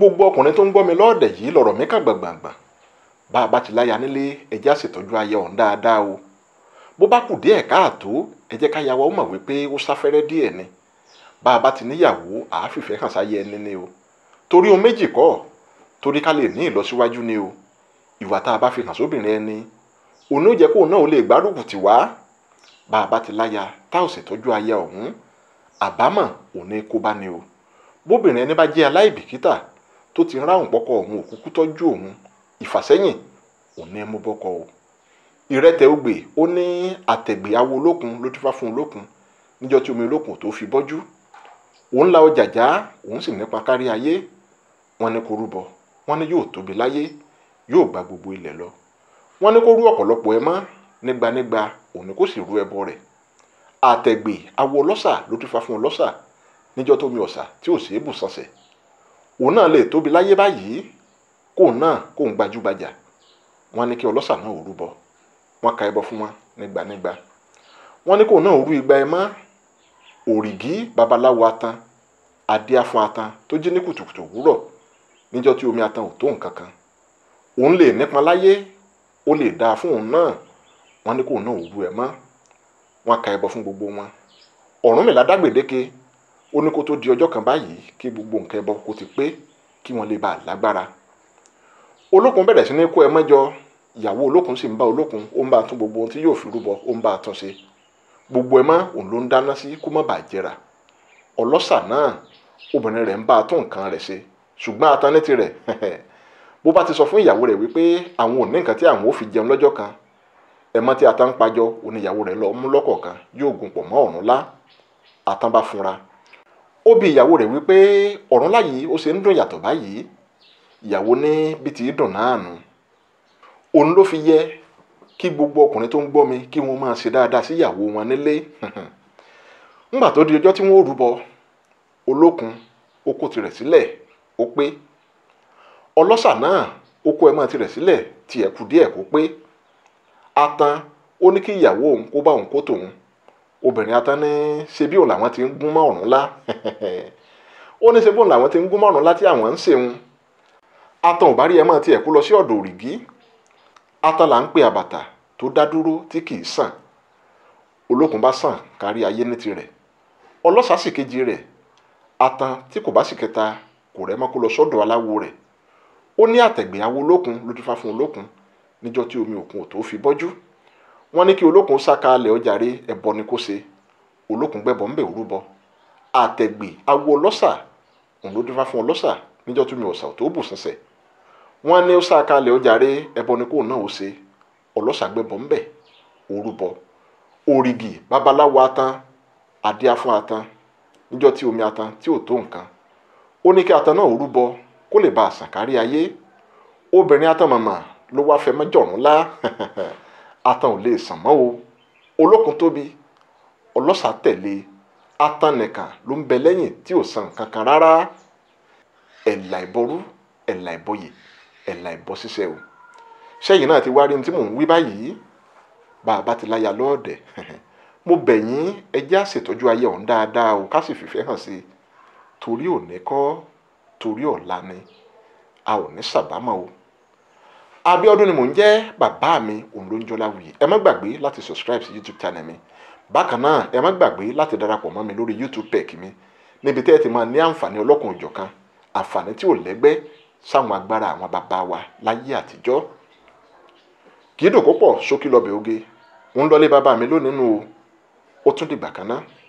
gbogbo ọkùnrin tó ń gbọ́ mi lọ́ọ̀dẹ̀ yìí lọ̀rọ̀ mi kàn gbàngbàngbà bá a bá ti láya nílé ẹ jẹ́ àṣetọ́jú aya ọ̀hún dáadáa o bó bá kù díẹ̀ káàtó ẹ jẹ́ káya wa ó mọ̀ wípé ó sáfẹ́rẹ́ díẹ̀ ni bá a bá ti níyàwó àáfìfẹ́ hàn sáyé ẹni ni o torí ohun méjì kọ́ torí ká lè ní ìlọsíwájú ni o ìwà tá a bá fi hàn sóbìnrin ẹni òun ó jẹ́ kóun náà ó lè gbárùkù tì wá bá a bá ti láya tá ò sì tọ́jú ọ̀hún àbámọ̀ òun ní kó bá ni o bóbìnrin ẹni bá jẹ́ aláìbìkítà tó ti ráhùn pọkọ òun òkúkú tọ́jú òun ìfàsẹ́yìn òun ní mú bọ́kọ o ìrẹtẹ̀ ogbè ó ní àtẹ̀gbè awo olókun ló ti fá fún olókun níjọ́ tí omi olókun tó fi bọ́jú òun la ọjà já òun sì nípa kárí ayé wọ́n ní kó rúbọ wọ́n ní yóò tóbi láyé yóò gba gbogbo ilẹ̀ lọ wọ́n ní kó rú ọ̀pọ̀lọpọ̀ ẹ mọ́ nígbanígba òun ni kó sì rú ẹbọ rẹ̀ àtẹ̀gbè awo ọlọ́sà ló ti fá fún ọlọ́sà níjọ́ tómi ọ̀sà tí ò sí ébùsànsẹ̀ òun náà lè tóbi láyé báyìí kóun náà kóun gbajúgbajà wọ́n ní kí ọlọ́ṣà náà ò rúbọ wọ́n ka ẹbọ fún wọn nígbànígbà wọ́n ní kóun náà ò rú igba ẹ mọ́ òrìgí babaláwo atan adíáfún atan tó jí ní kùtùkùtù òwúrọ̀ níjọ́ tí omi atan ò tó nǹkan kan òun lè nípọn láyé ó lè dáa fún òun náà wọ́n ní kóun náà ò rú ẹ mọ́ wọ́n ka ẹbọ fún gbogbo wọn Ọ̀rúnmìlà dágbèdéke ó ní kó tó di ọjọ́ kan báyìí kí gbogbo nǹkan ẹbọ kó ti pé kí wọ́n lè bá a lágbára olókun bẹ̀rẹ̀ sí ní kó ẹmọ́ jọ ìyàwó olókun sì ń bá olókun ó ń bá a tún gbogbo ohun tí yóò fi rúbọ ó ń bá a tún ṣe gbogbo ẹmọ́ òun ló ń dáná sí kó má bàa jẹrà ọlọ́ṣà náà obìnrin rẹ̀ ń bá a tún nǹkan rẹ̀ ṣe ṣùgbọ́n atan ní tirẹ̀ bó bá ti sọ fún ìyàwó rẹ̀ wípé àwọn ò nǹkan tí àwọn ò fi jẹun lọ́jọ́ kan ẹmọ́ tí atan ń pajọ oníyàwó rẹ̀ lọ mú lọ́kọ̀ọ̀kan yóò gun pọ̀ mọ́ ọ̀run lá atan bá funra ó bi ìyàwó rẹ̀ wípé ọ̀run láyé ó ṣe ń dùn yàtọ̀ báyìí ìyàwó ní bí ti dùn náà nù òun ló fi yẹ kí gbogbo ọkùnrin tó ń gbọ́ mi kí wọ́n máa ṣe dáadáa sí ìyàwó wọn nílé ńgbà tó di ọjọ́ tí wọ́n rúbọ olókun ó tirẹ̀ sílẹ̀ ó pé ọlọ́ṣà náà ó kó ẹ̀mọ́ tirẹ̀ sílẹ̀ tiẹ̀ kù díẹ̀ kó pé atan ó ní kí ìyàwó òun kó bá òun kó tòun obìnrin atán ní ṣe bí òun làwọn ti ń gún mọ́ ọ̀run lá ó ní ṣe bí òun làwọn ti ń gún mọ́ ọ̀run lá tí àwọn ń ṣeun atan ò bá rí ẹ mọ́ tiẹ̀ kó lọ sí ọ̀dọ̀ òrìgì atan là ń pe àbàtà tó dá dúró tí kì í sàn olókun bá sàn kárí ayé ní tirẹ̀ ọlọ́sàá kejì rẹ̀ atan tí kò bá sì kẹta kò rẹ́ mọ́ kó lọ sọ́dọ̀ aláwo rẹ̀ ó ní àtẹ̀gbẹ́ awo ló ti fa fún olókun níjọ́ tí omi òkun ò tó fi bọ́jú. wọ́n ní kí olókun sàkàlẹ̀ ọjàre ẹ̀bọ ni kó ṣe olókùn gbẹ̀bọ̀ ń bẹ̀ òrúbọ àtẹ̀gbè awo ọlọ́sà òun ló dífá fún ọlọ́sà níjọ́ tún ọ̀sà tó bù wọ́n ní ó sàkàlẹ̀ ọjàre ẹ̀bọ ni ọlọ́sà gbẹ̀bọ̀ ń bẹ̀ babaláwo atan adé afún atan atan ò lè sàn mọ́ o olókun tóbi ọlọ́sà tẹ̀lé atan nìkan ló ń bẹ lẹ́yìn tí ò sàn kankan rárá ẹ̀là ìbọrú ẹ̀là ìbọyè ẹ̀là ìbọ ṣiṣẹ́ o sẹ́yìn náà ti wá rí ní tí mò ń wí báyìí bàbá ti láya lọ́ọ̀dẹ̀ mo bẹ̀ yín ẹ jẹ́ á ṣètọ́jú ayé ọ̀hún dáadáa o ká sì fìfẹ́ hàn sí i torí òní kọ́ torí ọ̀la ni a ò ní ṣàbámọ̀ o. Abíọ́dún ni mò ń jẹ́ bàbá mi òun ló ń jọ Láwuyì ẹ má gbàgbé láti subscribe sí YouTube channel mi bákan náà ẹ má gbàgbé láti darapọ̀ mọ́ mi lórí YouTube pẹ̀kì mi níbi tẹ́ ẹ ti máa ní àǹfààní ọlọ́kùnrin òjọ̀kan àǹfààní tí ò lẹ́gbẹ́ sáwọn agbára àwọn bàbá wa láyé àtijọ́ kì í dòkó pọ̀ ṣókí lọ́bẹ̀ oge ń lọlé bàbá mi lónìí nù o ó tún dìgbà kan náà